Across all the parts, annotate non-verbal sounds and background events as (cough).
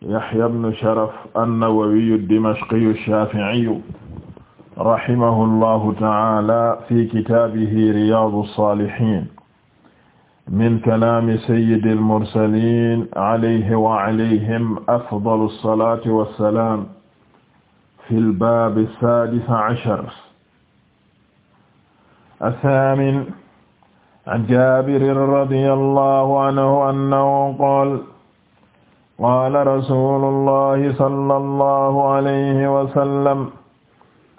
Yahya ibn Sharaf an-Nawawi ad-Dimashqi ash-Shafi'i rahimahullahu ta'ala fi kitaabihi Riyaadu s-Saalihiin min kalaami sayyidil mursaliin alayhi wa alayhim afdalu s-salaati wa s-salaam fil baabi s-saadis ashar ath-thaamin 'an Jaabirin radiyallahu anhu annahu qaala qaala rasulullahi sallallahu alayhi wa sallam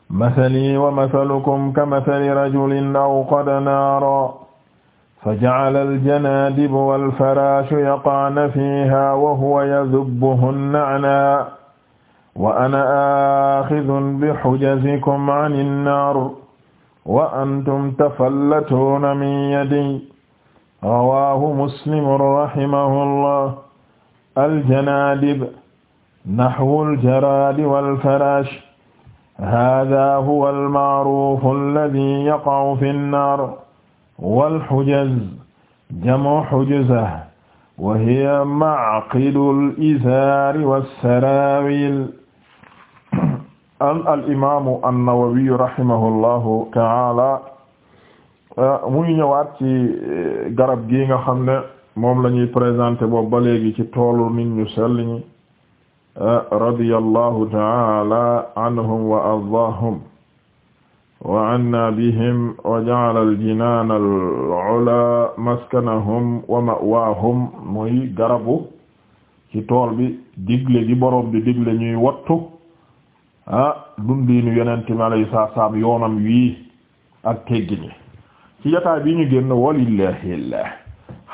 masalii wa masalukum kamasali rajulin awqada naaran faja'ala al-janaadibu wal-faraashu yaqa'na fiihaa wa huwa yadhubbuhunna 'anaa wa ana aakhidhun bihujazikum 'ani an-naar wa antum tafallatuuna min yadii rawaahu muslim rahimahullah aljanadib naxwu aljaradi walfarash hada huwa almaaruuf alladi yaqacu fi nnaar walxujaz jamu xujuza wa hiya macqidu alizaari walsaraawil alimamu annawawiyu rahimahu llahu taala muy ñëwaat ci garab gi nga xam ne moom la ñuy présenté boobu ba léegi ci toolu nit ñu sell ñi ah, radiyallahu ta'ala anhum wa ardaahum wa anna bihim wa ja'ala al-jinaan al-'ulaa wa ma'waahum muy garabu ci tool bi digle gi bi digle ñuy wattu ah dundiinu yonente mi alayhi salaatu salaam yoonam wii ak teggi ni ci jotaay bi ñu génn walillahi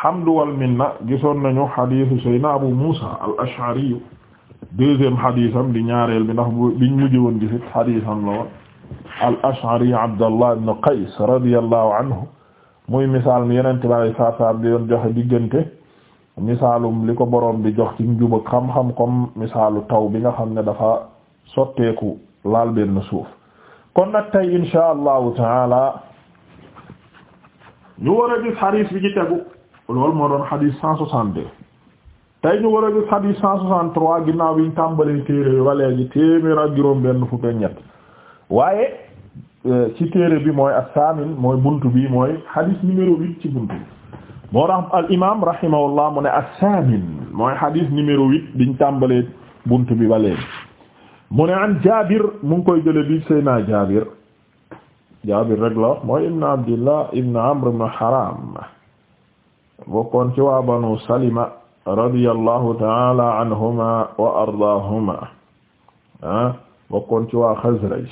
alhamdu wal minna gisoon nañu xadiisu Seydina Abu Muusa al-Ash'ari deuxième xadiisam di ñaareel bi ndax biñ mujj woon gisit xadiisam la woon al-Ash'ari Abdallah ibn Qays radiyallahu anhu muy misaal mi yeneen tubaab yi saa saa joxe diggante misaalum li ko borom bi jox ci njub ak xam-xam misaalu taw bi nga xam ne dafa sotteeku laal benn suuf kon nag tey insha allahu taala ñu war a gis xadiis bi ci tegu. loolu moo doon xadiis cent soixante-deux tey ñu war a gis cent trois ginnaaw bi ñu tàmbalee téere bi ba léegi téeméer ak juróom benn fukk ak waaye euh, ci téere bi mooy as-saamin mooy bunt bi mooy xadiis numéro huit ci buntu bi moo tax al imaam rahimahullah mu ne as-saamin bi ba mu ne an Jaabir mu ngi koy jële bi Seyna Jaabir Jaabir rek la mooy ibn Abdillah ibn Amr ibn Haram bokkoon ci waa banu salima radiyallahu taala anhuma wa ardaahuma ah bokkoon ci waa xazraj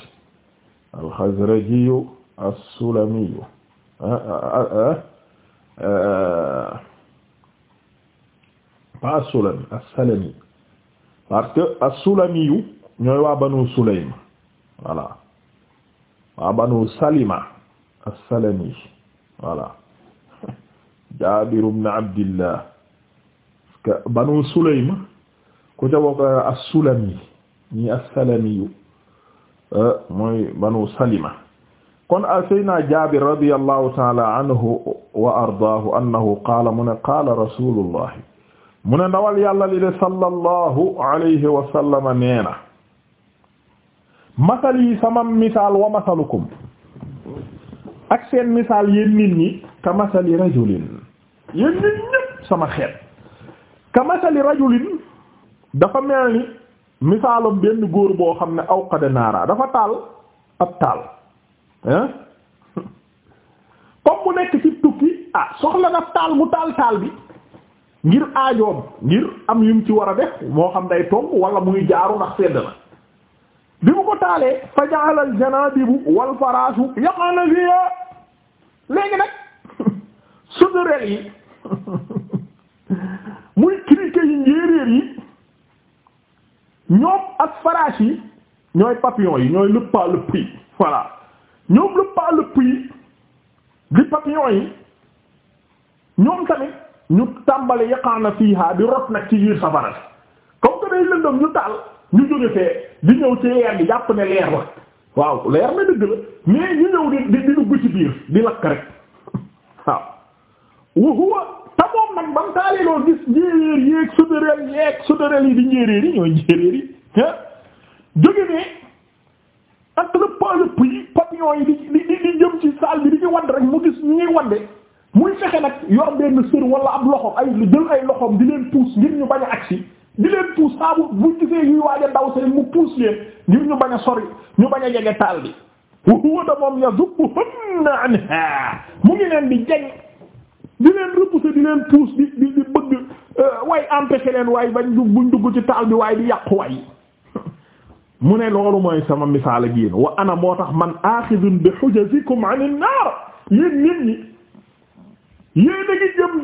alxazrajiyu assulamiyu ah, ah, ah, pas assulami assalami parce que assulamiyu ñooy waa banu sulaym voilà waa banu salima assalami voilà Jaabir ibn Abdillah banu Sulaym ku ca bokk as-Sulami ñi as-Salami eh, mooy banu Salima kon Seydina Jaabir radiyallahu ta'ala anhu wa ardaahu annahu qaala mu ne qaala rasulullah mu ne ndawal yàlla li de sallallahu alayhi wa sallama neena masal yi sama misaal wa masalukum ak seen misaal yéen nit ñi ka masali rajulin yéen ñun ñëpp sama xeet kamasali rajulin dafa mel ni misaalom benn góor boo xam ne aw naara dafa taal ab taal hein comme mu nekk ci tukki ah soxla na taal mu taal taal bi ngir aajoom ngir am yum ci war a def moo xam day tong wala muy jaaru ndax sedd na bi mu ko taalee fa ja'ala al janabibu wal faraasu yaqana fiha léegi nag (laughs) suturel yi (laughs) muy criquet yi njéeréer yi ñoom ak faraas yi ñooy papillon yi ñooy lëppaa lëpp yi voilà ñoom lëppaa lëpp yi di papillon yi ñoom tamit ñu tàmbali yaqaana fiiha di rot nag ci biir safara comme que day lëndëm ñu taal ñu jóge fee di ñëw ci leer bi jàpp ne leer la waaw leer na dëgg la mais ñu ñëw di di dugg ci biir di lakk rek (laughs) waaw wa huwa te moom nag ba mu taalee loo gis njéeréer yeeg sudëreel yeeg sudëreel yi di njéeréer yi ñooy njéeréer yi ah jóge ne ak le palëp yi papillon yi di di di jëm ci saal bi di ñu wand rek mu gis ñu ñuy wande muy fexe nag yor benn sër wala ab loxo ay jël ay loxoom di leen puus ngir ñu bañ a agsi di leen puus saabu bu gisee yuy waaj a daw seen mu puus leen ngir ñu bañ a sori ñu bañ a jege taal bi wa huwa da moom yazukkuhunna anha mu ngi leen di di leen repousser di leen pousse di di bëgg euh, way empêcher leen waay bañ dugg buñ dugg ci taal bi waaye di yàqu waay (laughs) mu ne loolu mooy sama misaal ak yéen wa ana moo tax man axidun bi hujazikum an an-nar nit ñi yéen a jëm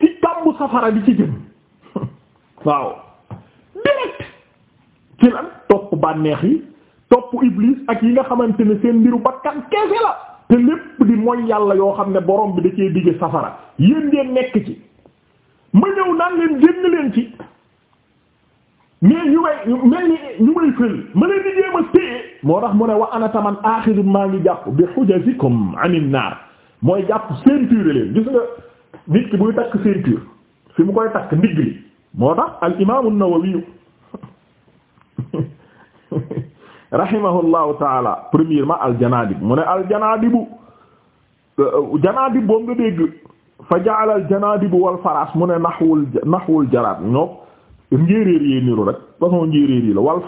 ci kàmbu safara bi ci jëm (laughs) waaw direct ci lan topp bànneex yi topp iblis ak yi nga xamante ne seen mbiru bakkan kese la te lépp di mooy yàlla yoo xam ne borom bi da cee digge safara yéen ngeen nekk ci ma ñëw naan leen génn leen ci mais ñu may ñu may fël ma leen di jéem a moo tax mu ne wa ana taman aaxiru maa ngi jàpp bi hujazikum anin naar mooy jàpp ceinture leen gis nga nit ki buy takk ceinture fi mu koy takk ndigg li moo tax al imaamu Nawawi rahimahullahu taala premièrement aljanadib mu ne aljanaadibu euh, janaadib boobu nga dégg fa ja'ala aljanadibu wal mu ne naxwul naxwul jaraat ñoo niru rek façon njéeréer yi la wal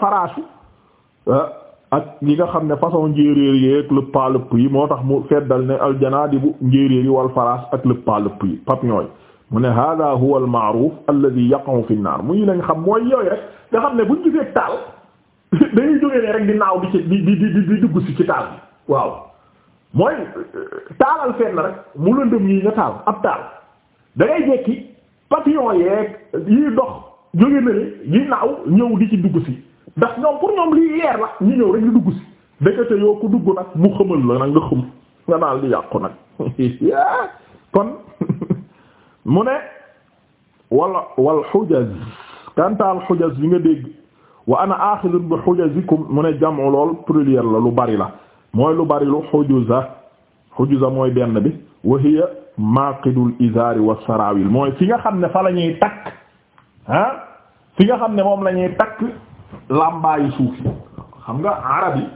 euh, ak yi nga xam ne façon njéeréer yi ak lëpp moo tax mu feddal ne aljanadibu njéeréer yi wal faras ak lëpp paa mu ne hada huwa al ma'ruf alladhi yaqa'u fi an dañuy jógee ne rek di naaw di ci di di dugg si ci taal bi waaw mooy taalal fenn rek mu lëndëm yi nga taal ab taal da jekki papillon yeeg yiy dox jóge na yi naaw ñëw di ci dugg si ndax ñoom pour ñoom lii yeer la ñu ñëw rek di dugg si dëkkate yoo ko dugg nag mu xamal la nag nga xëm nga daal di yàqu nag (laughs) kon (laughs) mu ne wala wal xujaz kantaal xujaz bi nga dégg wa ana axidun bi hujazikum mu ne jam'u lool pluriel la lu bari la mooy lu bari lu hujuza hujuza mooy benn bi wa hiya maqidul izari wa sarawil mooy fi nga xam ne fa la ñuy takk ah fi nga xam ne moom la ñuy takk làmbaayu suuf xam nga arab yi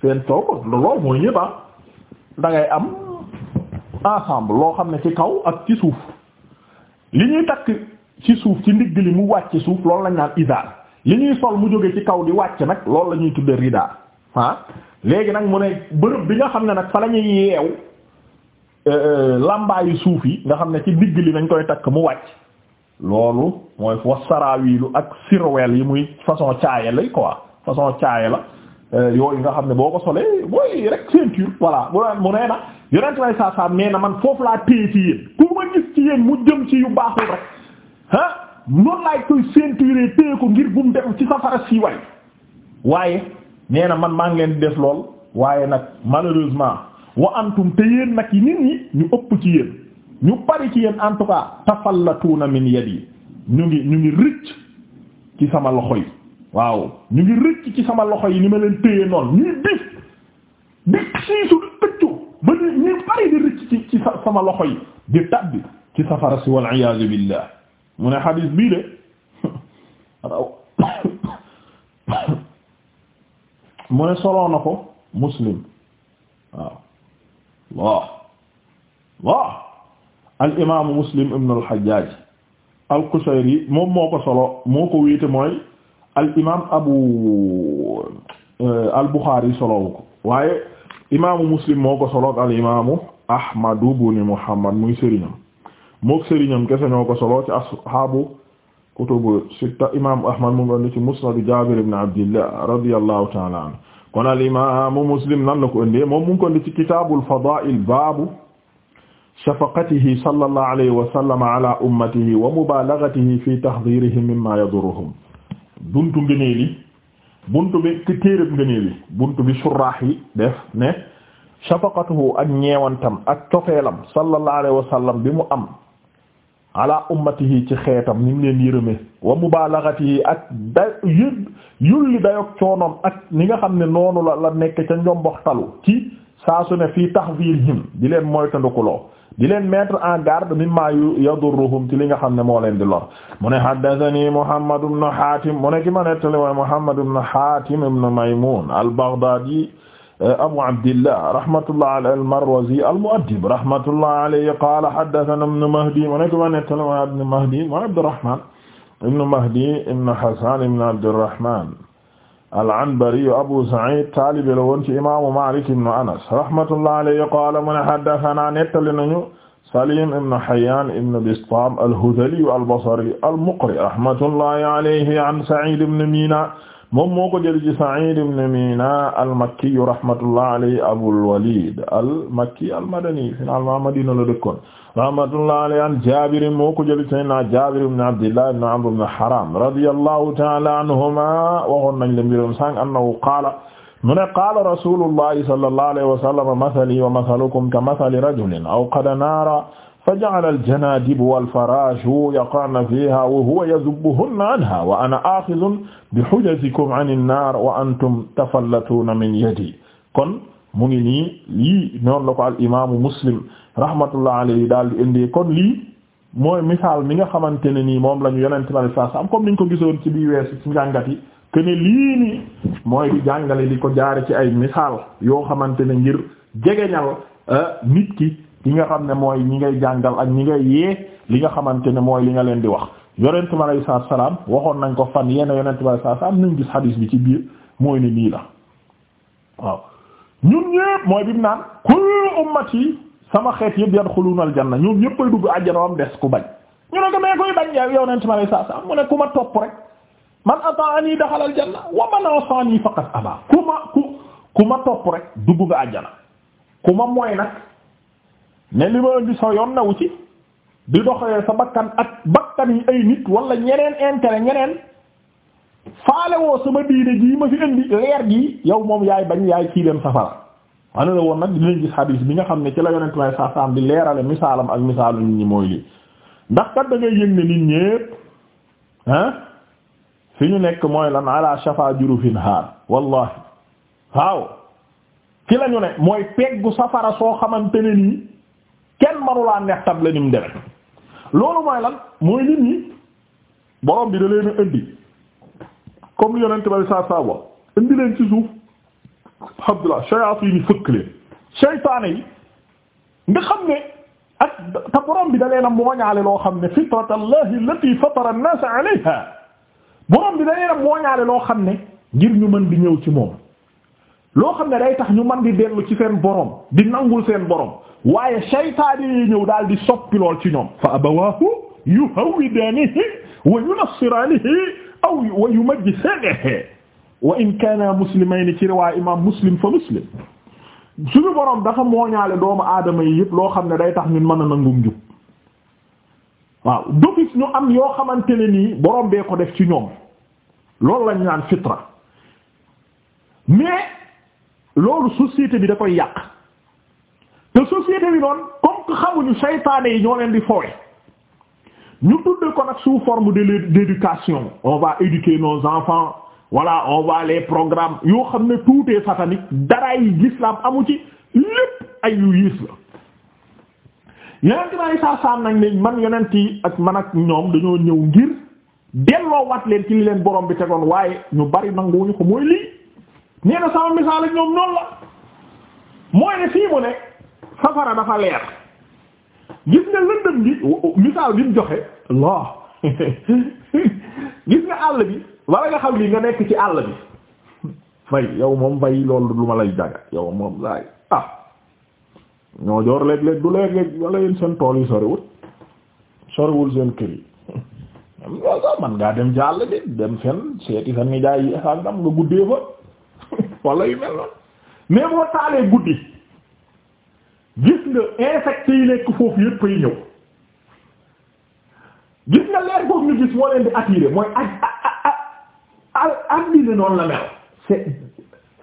seen toog lool mooy ñëpp ah. da ngay am ensemble loo xam ne ci kaw ak ci suuf li ñuy takk ci suuf ci ndigg li mu wàcc suuf loolu lañ naan izaar li ñuy sol mu jóge ci kaw di wàcc nag loolu la ñuy tudde ridaa ah léegi nag mu ne bërëb bi nga xam ne nag fa la ñuy yeew euh, lambaayu suuf yi nga xam ne ci ndigg li nañ koy takk mu wàcc loolu mooy wa saraawiilu ak sirweel yi muy façon caaye la quoi façon caaye la euh, yooyu nga xam ne boo ko solee mooy rek ceinture voilà mu nee na yonent way saa saa nee na man foofu laa téye ci yéen ku ma gis ci yéen mu jëm ci yu baaxul rek ah noonu laay koy ceinturer téye ko ngir bu mu def ci safara siiwaay waaye nee na man maa ngeen leen di def lool waaye nag malheureusement wa antum te nag yi nit ñi ñu ëpp ci yéen ñu bari ci yéen en tout cas tafallatuuna min yi ñu ngi ñu ngi rëcc ci sama loxo yi waaw ñu ngi rëcc ci sama loxo yi ni ma leen téye noonu ñuy bis di siisu di pëccu ba ñu bari di rëcc ci sama loxo yi di tabbi ci safara si wal iyaazu billah mu ne xadis bii de raw mu ne soloo na ko muslim waaw Allah Allah al imaamu muslim ibn al hajjaj al qushayri moom moo ko solo moo ko wéete mooy al imaam abu al buxaari solowu ko waaye imaamu muslim moo ko solo al imaamu ahmadu buni muhammad muy sëriñam mook sëriñam ñoo ko solo ci ashaabu kutubu sitta imam ahmad mu ngi indi ci musnad jabir ibn abdillah radiyallahu ta'ala anhu kon al imam muslim nan la ko indi moom mu ngi ko indi ci kitabul fadail babu shafaqatihi sallallahu alayhi wa sallam buntu ngëneeli buntu bi ci téeréb ngëneeli buntu bi surah ne shafaqatuhu ak ñeewantam ak cofeelam sallallahu bi mu am ala ummatihi ci xeetam ni mu leen yërëme wa mubalagatihi ak da yëpp yulli dayok coonoom ak ni nga xam ne noonu la la nekk ca talu ci saa su ne fii tahzirhim di leen moytandikuloo di leen mettre en garde mimma yadurruhum ci li nga xam ne moo leen di lor mu ne haddathani Muhammad ibn Hatim mu ne ki ma nettali mooy Muhammad ibn Hatim ibn Maymun al-Baghdadi Abu Abdillah rahmatullah alayhi al-Marwazi al-Mu'addib rahmatullah alayhi qaala haddathana ibn Mahdi ma nekk ma nettali ma ibn Mahdi ma Abdurrahman ibn Mahdi ibn Hasan ibn Abdurrahman al-Anbari Abu Sa'id taalibe la woon ci imaamu Malik ibn Anas rahmatullah alayhi qaala man haddathana nettali nañu Salim ibn Hayyan ibn Bistam al-Hudhali al-Basri al-Muqri rahmatullahi alayhi an Sa'id ibn Mina moom moo ko jël ci Sa'id ibn Mina al-Makki rahmatullah alayhi Abul Walid al-Makki al-Madani finalement Madina la dëkkoon rahmatullah alayhi an Jabir moo ko jël ci Sayyidina Jabir ibn Abdillah ibn Amr ibn Haram radiyallahu ta'ala anhuma waxoon nañ le mbirom sànq annahu qaala mu ne qaala rasulullahi sallallahu alayhi wa sallam mathali wa mathalukum kamathali rajulin awqada naara fa ja'ala al-janaadib wal-faraashu yaqa'na fiihaa wa huwa yazubbuhunna anhaa wa ana aaxizun bihujazikum ani n-naar wa antum tafallatuuna min yadii kon mu ngi nii lii noonu la ko al imaamu muslim rahmatullah alayhi daal di indi kon lii mooy misaal mi nga xamante ne nii moom lañu ñu yonent bi sallallahu alayhi wasallam ko gisoon ci biir weesu ci njàngat yi que lii nii mooy di jàngale di ko jaare ci ay misaal yoo xamante ne ngir jegeñal euh, nit ki. ñi nga xam ne mooy ñi ngay jàngal ak ñi ngay yee li nga xamante ne mooy li nga leen di wax yonent bi alayhi salaatu salaam waxoon nañ ko fan yenn yonent bi alayhi salaatu salaam nañ gis xadiis bi ci biir mooy ne nii la waaw ñun ñépp mooy bi mu naan kullu ummati sama xeet yëpp yadxuluuna aljanna ñoom ñépp ay dugg àjjana wam des ku bañ ñu ne ko mais koy bañ yow yonent bi alayhi salaam mu ne ku ma topp rek man ata'ani daxala aljanna wa man asani faqad aba ku ma ku rek dugg nga àjjana ku ne li ma indi sa yoon nawu ci di doxalee sa bakkan ak bakkan yi ay nit wala ñeneen intérêt ñeneen faalewoo sama diine jii ma fi indi leer gi yow moom yaay bañ yaay kii dem safara wane woon nag dinañ gis xadiis bi nga xam ne ci la yonent may sa saam di leerale misaalam ak misaalu nit ñi mooy lii ndax kat da ngay yëg ne nit ñépp ah fi ñu nekk mooy lan ala shafa jurufin haar wallahi waaw ki la ne mooy peggu safara soo xamante ne nii kenn manulaa nettab la ni mu deme loolu mooy lan mooy nit ñi borom bi da leen a indi comme li yonent bay saa saa wax indi leen ci suuf Abdullah shayatin yi fëkk leen shaytaane yi xam ne ak te borom bi da leen a mooñaale loo xam ne fitratallahi allati fatara an-nas alayha borom bi da leen a mooñaale loo xam ne ngir ñu mën bi ñëw ci moom loo xam ne day tax ñu man di dellu ci seen boroom di nangul seen boroom waaye shaytaani yi ñëw daal di soppi lool ci ñoom fa abawaahu yuhawwidaanihi wa yunassiraanihi aw wa yumajjisaanihi wa in kaana muslimayni ci riwaaya imaam muslim fa muslim suñu borom dafa mooñaale doomu aadama yi yëpp loo xam ne day tax ñun mën a nangum jub waaw dofis ñu am yoo xamante ne nii borom bee ko def ci ñoom loolu lañu naan fitra mais loolu société bi da koy yàq te société bi noonu comme que xamuñu saytaane yi ñoo leen di fowe ñu tudd ko nag sous forme de d'éducation on va éduquer nos enfants voilà on va les yoo xam ne tout est satanique dara yi l'islam amu ci lépp ay yu yiis la yonent bi nañ ne man yonent yi ak ñoom dañoo ñëw ngir delloo wat leen ci li leen borom bi tegoon waaye ñu bari nanguwuñu ko mooy lii nee na misaal ak ñoom noonu la mooy ne fii mu ne safara dafa leer gis nga lëndëm gi misaal bi mu joxe Allah (laughs) gis nga àll bi wala nga xam li nga nekk ci àll bi fay yow moom fay loolu lu ma lay jaga yow moom laay ah ñoo joor léeg-léeg du léeg-léeg wala yéen seen tool yi soriwul soriwul seen kër yi (laughs) man ngaa dem jàll àll bi dem fen seeti fan nga jaay nga guddee fa wala yu mel noonu mais boo taalee guddi gis nga insectes yi nekk foofu yëpp ay ñëw gis nga leer boobu ñu gis moo leen di attiré mooy ak ak ak ak lii noonu la mel c'est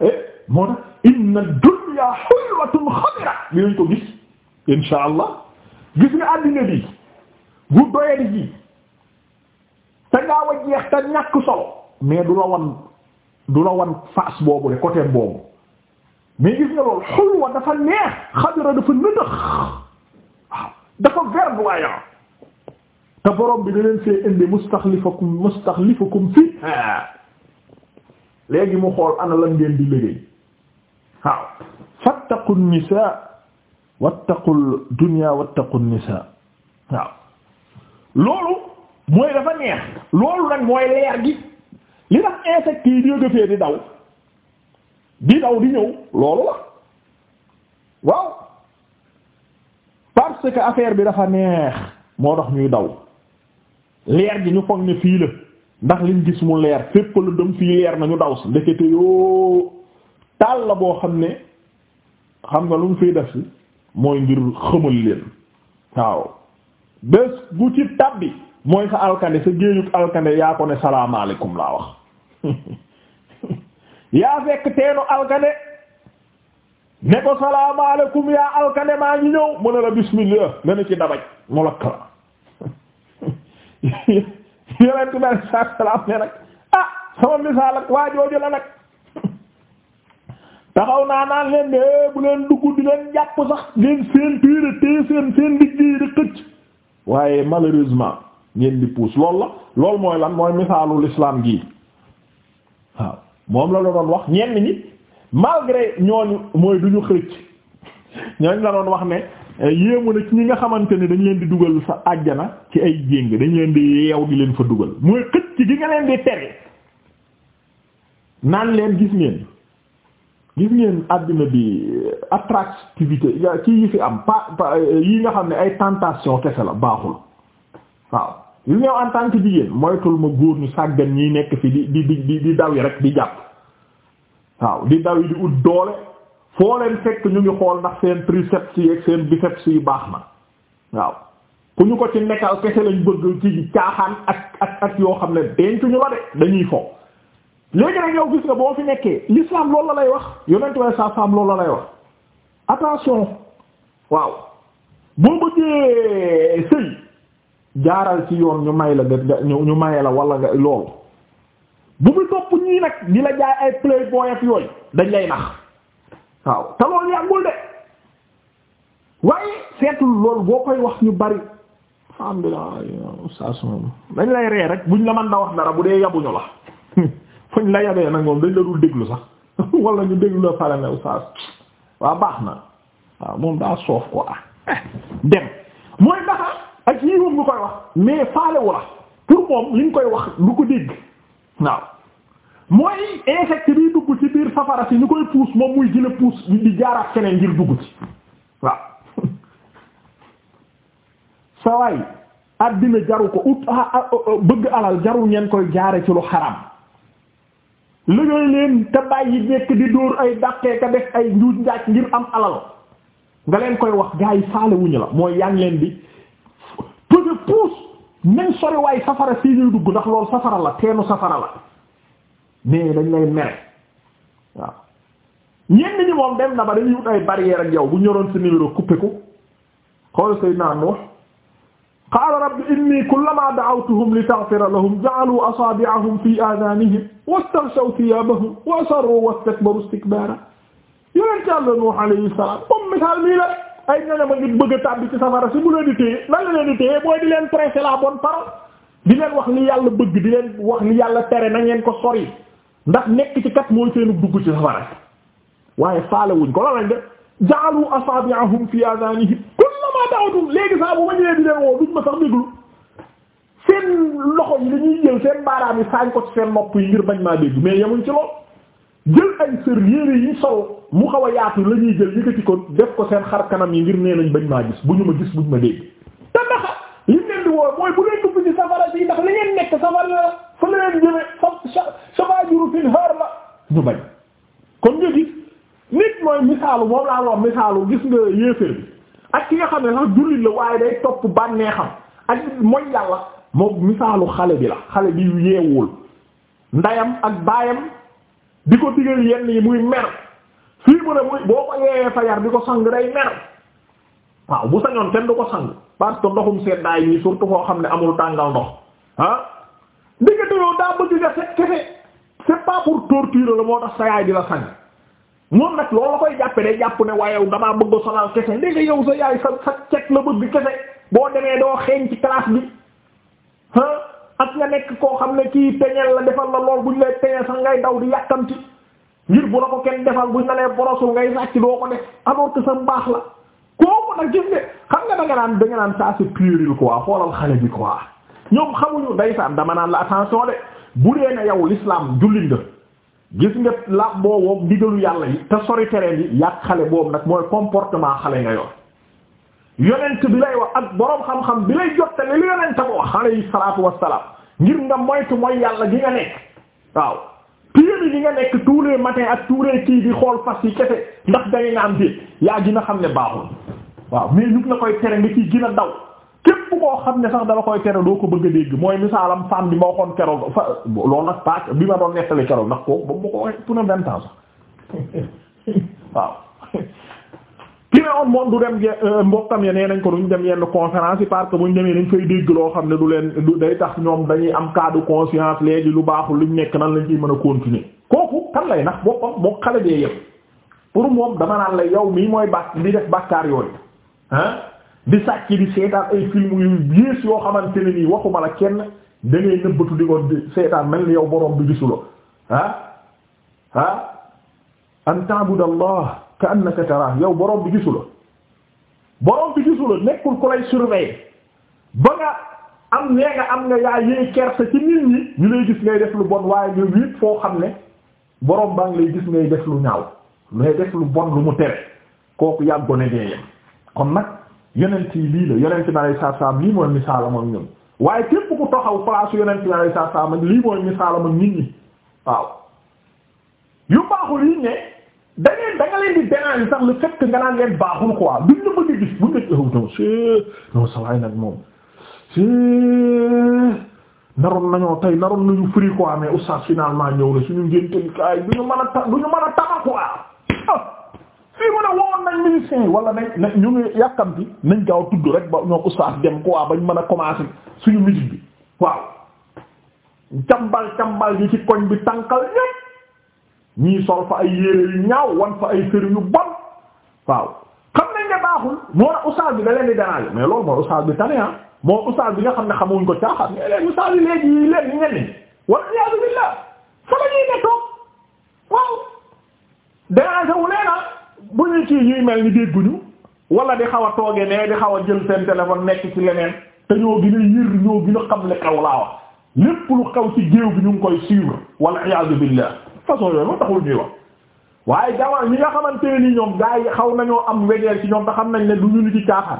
eh, moo tax inna dunya hulwatun xadira dinañ ko gis insha allah gis nga àddina bi bu doyadi ji te ngaa wa te ñàkk solo mais du la wan du la wan face boobu le côté boobu mais gis nga loolu xulwa dafa neex xadra dafa nëtëx waaw dafa verdoyant te borom bi da leen fee indi mustaxlifakum mustaxlifakum fi léegi mu xool ana lan ngeen di liggéey waaw fattaqu nisaa wattaqu dunya wattaqu nisaa waaw loolu mooy dafa neex loolu nag mooy leer gi li tax insectes yi di yëgëfee di daw di daw di ñëw loolu la waaw parce que affaire bi dafa neex moo tax ñuy daw leer gi ñu foog ne fii la ndax liñ gis mu leer fépp lu dem fii leer na daw si ndekete yoo taal la boo xam ne xam nga lu mu fiy def si mooy ngir xamal leen waaw bés bu ci tabbi mooy sa alkande sa géejug alkande yaa ko ne salaamaaleykum laa wax (laughs) yaa fekk teenu alkane ne ko salaamaaleykum yaa alkane maa ngi ñëw mu ne la bismillah ne na ci dabaj mu lakk la (laughs) yonent bi alay saa salaam ne nag ah sama misaal ak waa jooju la nag (laughs) taxaw naa naan leen de bu leen dugg di leen jàpp sax ngeen seen téere téye seen seen liggéey di xëcc waaye malheureusement ngeen di puus lool la lool mooy lan mooy misaalu l'islam gi waaw moom la la doon wax ñenn ñi malgré ñooñu mooy duñu ñu xëcc ñooñu la doon wax ne eh, yéemu na ci ñi nga xamante ne dañ leen di dugal sa àjjana ci ay jéng dañ leen di yeew di leen fa dugal mooy xëcc gi nga leen di tere naan leen gis ngeen gis ngeen àddina bi eh, attractivité ci yi fi am pa eh, yi nga xam ne ay tentation kese la baaxul waaw yu ñëw en tant que jigéen moytul ma góor ñu sàggan ñiy nekk fi di di di di daw yi rek di jàpp waaw di daw yi di ut doole foo leen fekk ñu ngi xool ndax seen triceps yi ak seen biceps yi baax na waaw ku ñu ko ci nekkal kese lañ bëgg ci caaxaan ak ak yoo xam ne denc ñu la de dañuy fo léegi nag yow gis nga boo fi nekkee l'islam loolu la lay wax yonent waaye sa femme loolu la lay wax attention waaw boo bëggee sëy jaaral ci yoon ñu may la nga ñu maye la wala nga loolu bu mu topp ñii nag di la jaay ay playboy ak yooyu dañ lay nax waaw te loolu yàggul de waaye seetul loolu boo koy wax ñu bari alhamdulillah ustaas moom dañ lay ree rek buñ la man na wax dara bu dee yabuñu la (laughs) fuñ la yabee nag moom dañ la dul déglu sax (laughs) wala ñu déglu la pare ne ustaas waa baax na waaw moom daa soof quoi (laughs) dem mooy daxa ak yiiwam lu koy wax mais faalewu la pour moom li nga koy wax lu ko dégg waaw mooy insecte bi dugg ci biir safara si ñu koy puus moom muy jële puus di jaaraat keneen ngir dugg ci waaw (laughs) sa àddina jaru ko ah, ah, ah, bëgg alal jaru ngeen koy jaare ci lu xaram liggéey leen te bàyyi nekk di dóor ay dàqee ka def ay njuuj njaaj ngir am alal nga leen koy wax gaa yi faale la mooy yaa ngi leen di puus même sori waay safara si ñuy dugg ndax loolu safara la teenu safara la mais dañ lay mere waaw ñenn ñi moom dem na ba dañuy wut ay barrière ak yow bu ñoroon sa numéro coupé ko xool Seydina Nuh qaala rabbi inni kullamaa da'awtuhum litaghfira lahum ja'aluu asaabi'ahum fii aazaanihim wastaghshaw thiyaabahum wa asarruu wastakbaruu istikbaara yonent Yàlla Nuh alayhi salaam moom misaal mii la ay ñoñam ma ngi bëgg a tàbbi ci safara si mu leen di téye nan leen di téye mooy di leen prêcher la bonne parole di leen wax li yàlla bëgg di leen wax li yàlla tere na ngeen ko sori ndax nekk ci kat mooy seenu dugg ci safara waaye faale wuñ ko loolu lañ def ja'alu asabi'ahum fi azanihim kullama da'utum léegi saa bu ma ñëwee di leen woo duñ ma sax déglu seen loxo yi la ñuy jël seen baaraam yi saañ ko ci seen nopp yi ngir bañ maa dégg mais yemuñ ci lool jël ay sër yére yi sol mu xaw a yaatu lañuy jël yëkkati ko def ko seen xar kanam yi ngir nee nañ bañ maa gis bu ñu ma gis bu ñu ma dégg te ndax li leen di woo mooy bu leen dugg ci safara si ndax la ngeen nekk safara la fa la leen jëme fa sabajuru fil har la ñu bañ kon nga gis nit mooy misaalu moom laa wax misaalu gis nga yéeféer bi ak ki nga xam ne sax jullit la waaye day topp bànneexam ak mooy la moom misaalu xale bi la xale bi yeewul ndayam ak baayam di ko digal yenn yi muy mer fii mu ne muy boo ko yeeyee fajar di ko sang day mer waaw bu sañoon kenn du ko sang parce que ndoxum seddaay yi surtout koo xam ne amul tàngal ndox ah diggante yow daa bëgg nga set kese c'est pas pour la moo tax sa yaay di la sang moom nag loolu la koy jàppe day jàpp ne waaye yow damaa bëgg a sonal kese ndeke yow sa yaay sa sa cet la bëgg kese boo demee doo xeeñ ci classe bi ah ak nga nekk koo xam ne kii peñel la defal la lool buñ lay peñel sax ngay daw di yàkkamti ngir bu la ko kenn defal buñ la nee borosul ngay sàcc doo ko def alors que sa mbaax la kooku a gis ne xam nga da nga naan da nga naan ça c'est puéril quoi xoolal xale bi quoi ñoom xamuñu ndeysaan dama naan la attention de bu dee ne yow l'islam jullit nga gis nga la boobu digalu yàlla yi te sori terrain yi yàq xale boobu nag mooy comportement xale alayhi salaatu wassalaam ngir nga moytu mooy yàlla gi nga nekk waaw pieds yi nga nekk tous les matins ak tous kii di xool fas yi kese ndax da nga am déet yaa gi a xam ne baaxul waaw mais ñu la koy tere nga ciy gën a daw képp koo xam ne sax dama koy tere doo ko bëgg a dégg mooy misaalam femme bi ma waxoon keroog fa loolu nag paak bi ma doon nettali keroog ndax kooku ba ko waxee pour na vingt ans (laughs) waaw. (laughs) ki ne woon moom du dem euh, mbokkam ya nee nañ ko ñu dem yenn conférence yi parce que buñ demee dañ fay dégg loo xam ne du leen du day tax ñoom dañuy am cas de conscience léegi lu baaxul luñ nekk nan lañ ciy mën a continuer kooku kan lay nax boppam moo xale bee yëpp pour moom dama naan lay yow mii mooy bàkk di def bàkkaar yooyu ah di sàcc di seetaan ay film yu yées yoo xamante ne nii waxuma la kenn da ngay nëbbatu di ko seetaan mel ni yow borom bi gisuloo ah ah ka annaka tarah yow borom bi gisu la borom bi gisu la nekkul ku lay surveiller ba nga am nee nga am nga yaa yéey kersa ci nit ñi ñu lay gis ngay def lu bon waaye nga wiit foo xam ne borom baa ngi lay gis ngay def lu ñaaw ngay def lu bon lu mu tere kooku yàggone dee yem kon nag yonent yi lii la yonent na lay saab saab lii mooy misaalam ak ñun waaye képp ku taxaw place yonent na lay saab saab lii mooy misaalam ak nit ñi waaw yu baaxul yi ne da ngeen da nga leen di déranger sax le fait que nga naan leen baaxul quoi duñ la bëgg a gis buñ la oh, non moom c'est naroon nañoo tey naroon nañu fri quoi mais oustaz finalement ñëw suñu ngénte kaay duñu mën a ta duñu a tama quoi ah! fii mu ne woon nañ ministère wala nañ na ñu ngi yàkkamti nañ gaaw tudd rek ba ñoom oustaz dem quoi bañ mën a commencer suñu musique bi waaw jambal jambal yi ci koñ bi tànkal ñépp ñii sol fa ay yére yu ñaaw wan fa ay kër yu bon waaw xam nañ ne baaxul moo na ustaas bi da leen di déranger mais loolu mooy ustaas bi tane ah moo ustaas bi nga xam ne xamuñ ko caaxaan mais léegi ustaas bi léegi yi ñuy ne ah. ñu kii ñuy mel ni dégguñu wala di xaw a toogee ne di xaw a jël seen téléphone nekk ci leneen te ñoo gën a ñoo gën xam le kaw laa wax lépp lu xaw ci géew bi ñu ngi koy suivre wala iyaazu billah façon yooyu moo taxul ñuy wax waaye jamono ñi nga xamante ne nii ñoom gaa yi xaw nañoo am wegeel ci ñoom te xam nañ ne du ñu nit ci caaxaan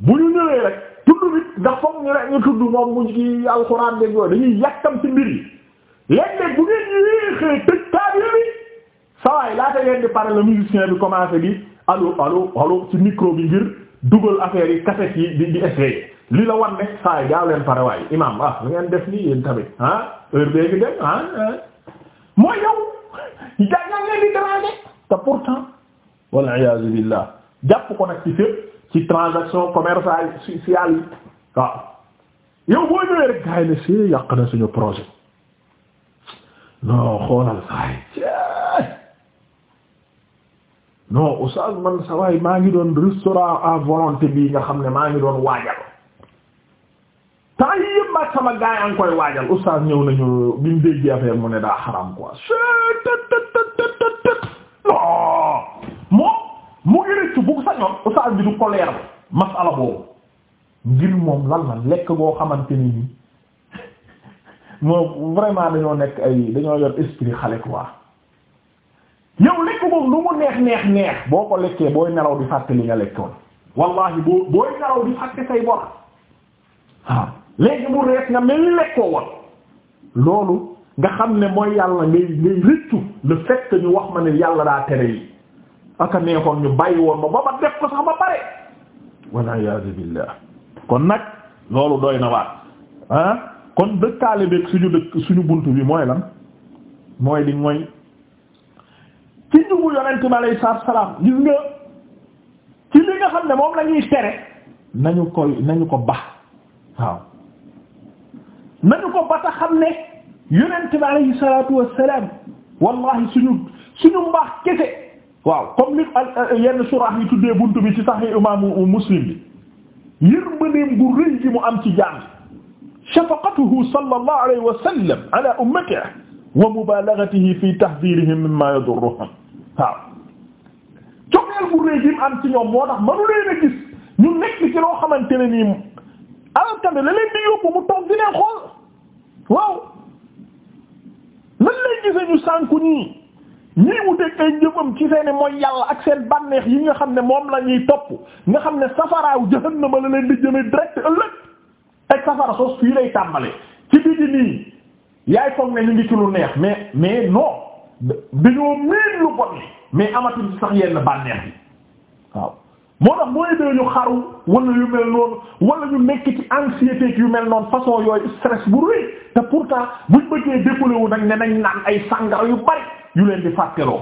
bu ñu ñëwee rek tudd nit ndax foog ñu rek ñu tudd moom mu ci alxuraan beeg yooyu dañuy yàkkam ci mbir yi léeg-léeg bu ngeen yéexee tëj taabir bi sawaay laata ngeen di pare le musicien bi commencé bi allo allo allo ci micro bi ngir dugal affaire yi cassette yi di di essayer li la wan ne saay gaaw pare waaye ah, def nii yéen ah, mooy yow yaa ngi leen di déranger te pourtant wal iyaazu billah jàpp ko nag ci fépp ci transaction commerciale sociale yi waaw yow boo ñëwee rek gars yi ne si yàq na suñu projet non xoolal saay non oustaz man sawaay maa ngi doon restaurant à volonté bii nga xam ne maa ngi doon waajal maag sama gaay koy waajal oustaz ñëw nañu bi mu déggee affaire mu ne daa xaram quoi se moom mu ngi rëccu bu sañoon oustaz bi du ko leer masala boobu ngir moom lan la lekk goo xamante ni nii moom vraiment dañoo nekk ay dañoo yor esprit moom lu mu neex neex neex boo ko lekkee booy nelaw di fàtte li nga lekkoon wallahi boo booy nelaw di fàtte say bor waaw léegi mu rees nga mel ni lekkoo woon loolu nga xam ne mooy yàlla ngay ngay rëccu le fait ñu wax ma ne yàlla daa tere yi aka neexoon ñu bàyyi woon ma ba ma def ko sax ba pare walla iyaazu billaah kon nag loolu doy na waat ah kon dëkkaale beeg suñu dëkk suñu bunt bi mooy lan mooy di mooy ci jubu yonente bi alayhi salaam gis nga ci li nga xam ne moom la ñuy tere nañu koy nañu ko bax waaw nañu ko ba tax xam ne yonent bi alayhi salaatu wassalaam wallahi suñu suñu mbaax kese waaw comme li euh, euh, yenn surah yi tuddee buntu bi ci Sahih imaamu Muslim bi yërmandeem gu mu am ci jaam shafaqatuhu sallallahu alayhi wa sallam ala ummatihi wa mubalaghatihi fi mu am ci ñoom moo tax mënu loo xamante ne nii alal tamit mu toog di waaw lan lay gisee ñu sànku ñii ñii wuteeg ay jëfam ci seeni mooy yàlla ak seen bànneex yi nga xam ne moom la ñuy topp nga xam ne safaraaw jahannama la leen di jëme direct ëllëg ak safara sos fii lay tàmbale ci biti nii yaay foog ne ñu ngi ci lu neex mais mais non dañoo miin lu bon mais amatul sax yenn bànneex yi waaw moo tax boo yëgee ñu xaru wala yu mel noonu wala ñu nekk ci anxiété yu mel noonu façon yooyu stress bu rëy te pourtant buñ bëggee découlé wu nag ne nañ naan ay sangara yu bari yu leen di fàtteloo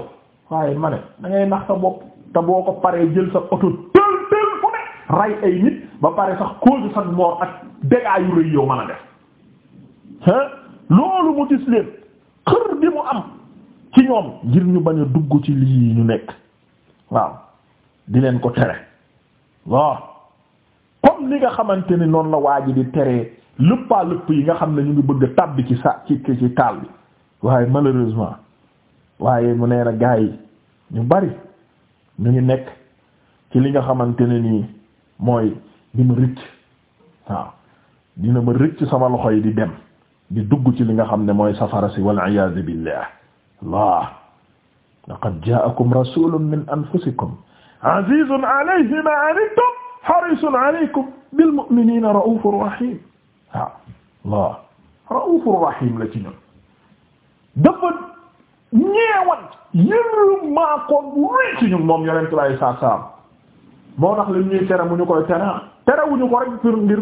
waaye ma dangay da ngay nax bopp te boo ko paree jël sa oto tël tël fu ne ray ay nit ba pare sax cause sa mort ak dégâts yu rëy yow mën a def ah loolu mu gis leen xër bi mu am ci ñoom ngir ñu bañ a dugg ci lii ñu nekk waaw. di leen ko tere waaw comme li nga xamante ni noonu la waa ji di teree lëppaa lëpp yi nga xam ne ñu ngi bëgg a tàbbi ci sa ci ci taal bi waaye malheureusement waaye mu nee na gaa yi ñu bari ñu ngi nekk ci li nga xamante ne nii mooy bi ma rëcc waaw dina ma rëcc sama loxo yi di dem di dugg ci li nga xam ne mooy safara si wal iyaazu billah laa laqad ja'akum rasulun min anfusikum azizun alayhi ma anittum harisun alaykum bil mu'minina raufur rahim waaw waaw raufur rahim la ci ñun dafa ñeewant yërëm maa ko bu rëy ci ñun moom yonent bi alayhi salaatu salaam moo tax li ñuy tere mu ñu koy tere tere wuñu ko rek pour ngir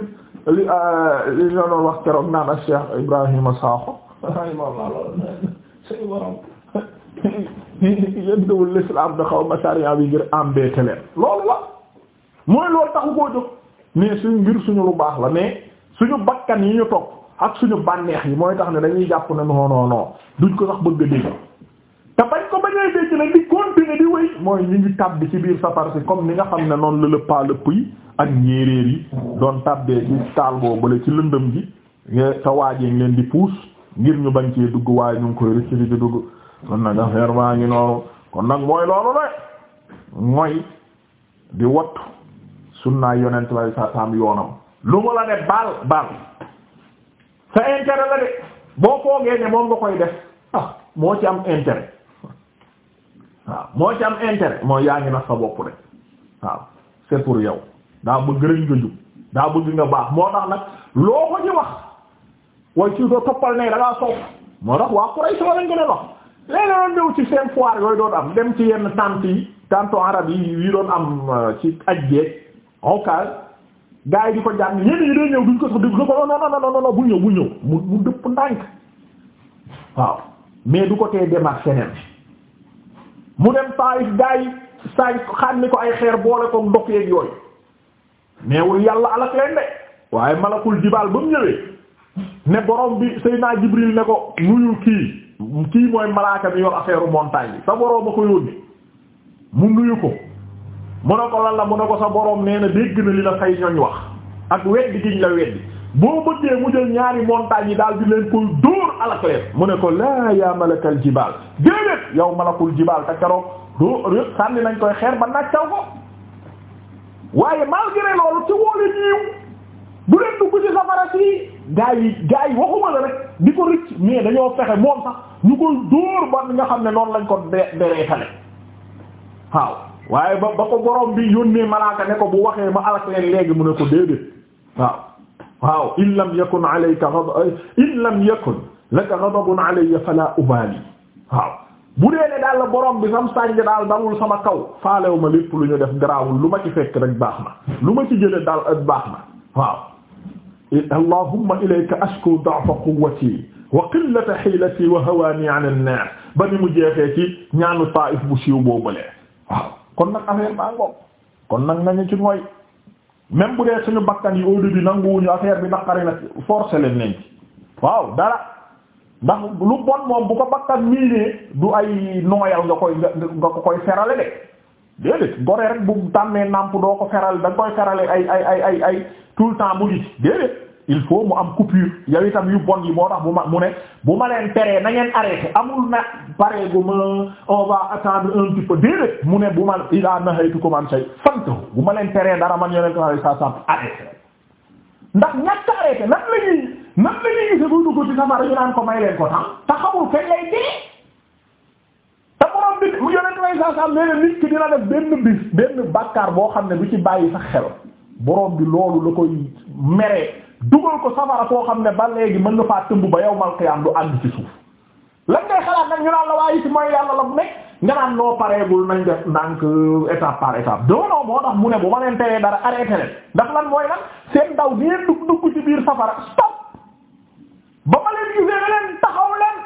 li euh, li ñu doon wax keroog naan ak Cheikh Ibrahima Sakho. (laughs) yéen dawul l'islam da xaw ma bi ngir embêté leen loolu la mooy loolu taxu koo jóg mais suñu ngir suñu lu baax la mais suñu bakkan yi ñu topp ak suñu bànneex yi mooy tax ne dañuy jàpp ne non non duñ ko sax bëgg a dégg te bañ ko bañee dégg nag di continuer di wéy mooy ñu ngi tàbbi ci biir safar si comme ni nga xam ne noonu la lëppaa lëpp yi ak njéeréer yi doon tàbbee ci taal boobule ci lëndëm gi te waajee ngi leen di puus ngir ñu bañ cee dugg waaye ñu ngi dugg kon nag affaire baa ngi noonu kon nag mooy loolu la mooy di wattu sunna yonent lay sa saam yoonam lu mu la ne baal baal sa intérêt la de boo foogee ne moom nga koy def ah moo ci am intérêt waaw moo yaa ngi nax sa bopp de waaw c'est pour yow daa bëgg rek nga daa bëgg nga baax moo tax nag loo ko ci wax way ci toppal ne da ngaa soof moo tax waa Quraysh lañ gën a wax léeg-léeg ñëw ci seen foire yooyu doon am dem ci yenn tante yi tante arab yi yi doon am euh, ci aj geeg oncage gars yi di ko jàng ñenn yi day ñëw duñ ko sax déglu ko non non non non non bu ñëw bu ñëw mu mu dëpp ndànk waaw mais du ko tee dem ak feneen mu dem Taif gars yi saa xànni ko ay xeer boole ko ndox yeeg yooyu neewul yàlla alak leen de waaye malakul jibaal ba mu ñëwee ne borom bi Seydina Jibril ne ko nuyul kii. kii mooy malaaka bi yor affaire montagne bi sa boroom a ko yónni mu nuyu ko mu ne ko lan la mu ne ko sa boroom nee na dégg na li la say ñoñ wax ak weddi giñ la weddi boo bëggee mu jël ñaari montagnes yi daal di leen koy dóor alakleer mu ne ko laa yaa malakal jibaal déedéet yow malakul jibaal te keroog doo sànni nañ koy xeer ba nag taw ko waaye malgré loolu ci woole ñiiw bu leen dugg ci safara si gaa yi gaa yi waxuma la rek di ko rëcc mais dañoo ñu koy dóor ban nga xam ne noonu lañ ko dereetale waaw waaye ba ba ko borom bi yónnee malaaka ne ko bu waxee ma alak leen léegi mu ne ko déedéet waaw waaw in lam yakun alayka ghadab in lam yakun laka ghadabun alayya fala ubali waaw bu dee ne daal la borom bi sam sànj daal dalul sama kaw faalew ma lépp lu ñu def garaawul lu ma ci fekk rek baax na lu ma ci jële daal baax na waaw allahumma ilayka ashku da'fa quwwati wa qillata hiilati wa hawaani an an bu siiw boobalee waaw kon nag kon nag nañu ci mooy bu dee suñu bakkan yi affaire bi naqari nag waaw dara ndax lu bon moom bu ko bakkan mii du ay nooyal nga koy nga ko koy de gore rek bu tàmmee nàmp doo ko feral da nga koy ferale ay ay ay ay ay tout le temps mu il faut mu am coupure yow itam yu bon yi moo tax bu ma mu ne bu ma leen teree nangeen ngeen arrêté amul na pareegu ma on va un petit déedéet mu ne bu ma a nahaytukum an shay fantahu bu ma leen teree dara man yonent sallallahu alayhi wasallam ndax ñàkk arrêté nan la ñuy nan gise bu dugg ci safara ñu naan ko may leen ko tax te xamul kañ lay dee te borom bi yonent sallallahu alayhi wasallam nee na nit benn bis benn bàkkaar boo xam ne bu ci bàyyi sax xel borom bi loolu la koy dugal ko safara koo xam ne ba léegi mën nga faa tëmb ba yawmal qiyaam du àgg lan ngay xalaat nag ñu la waaye ci mooy yàlla la bu nekk nga naan noo pareegul nañ def ndànk étape par étape non non moo tax mu ne bu ma leen dara arrêté leen ndax lan mooy lan seen di leen dugg dugg ci biir safara stop ba ma leen gisee leen taxaw leen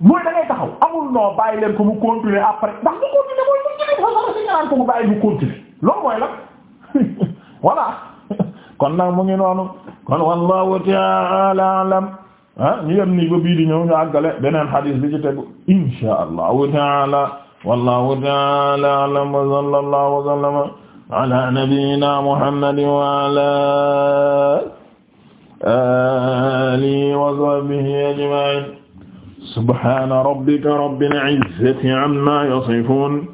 mooy da ngay taxaw amul noo bàyyi leen ko mu continuer après ndax mu continuer mooy mu jëlee safara si nga naan ko mu mu continuer loolu mooy (laughs) kon nag mu ngi noonu kon wallahu ta'ala alam ah ñu yem nii ba bii di ñëw ñu àggale beneen hadis bi ci tegu inshaa allahu taala wallahu taala alam wa sallallahu wa sallama ala nabiyyina muhammadin wa ala alihi wa sahbihi ajma'in subhana rabbika rabbil izzati amma yasifun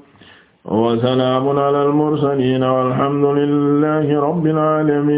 wa salamun ala al mursalin walhamdulillahi rabbil alamin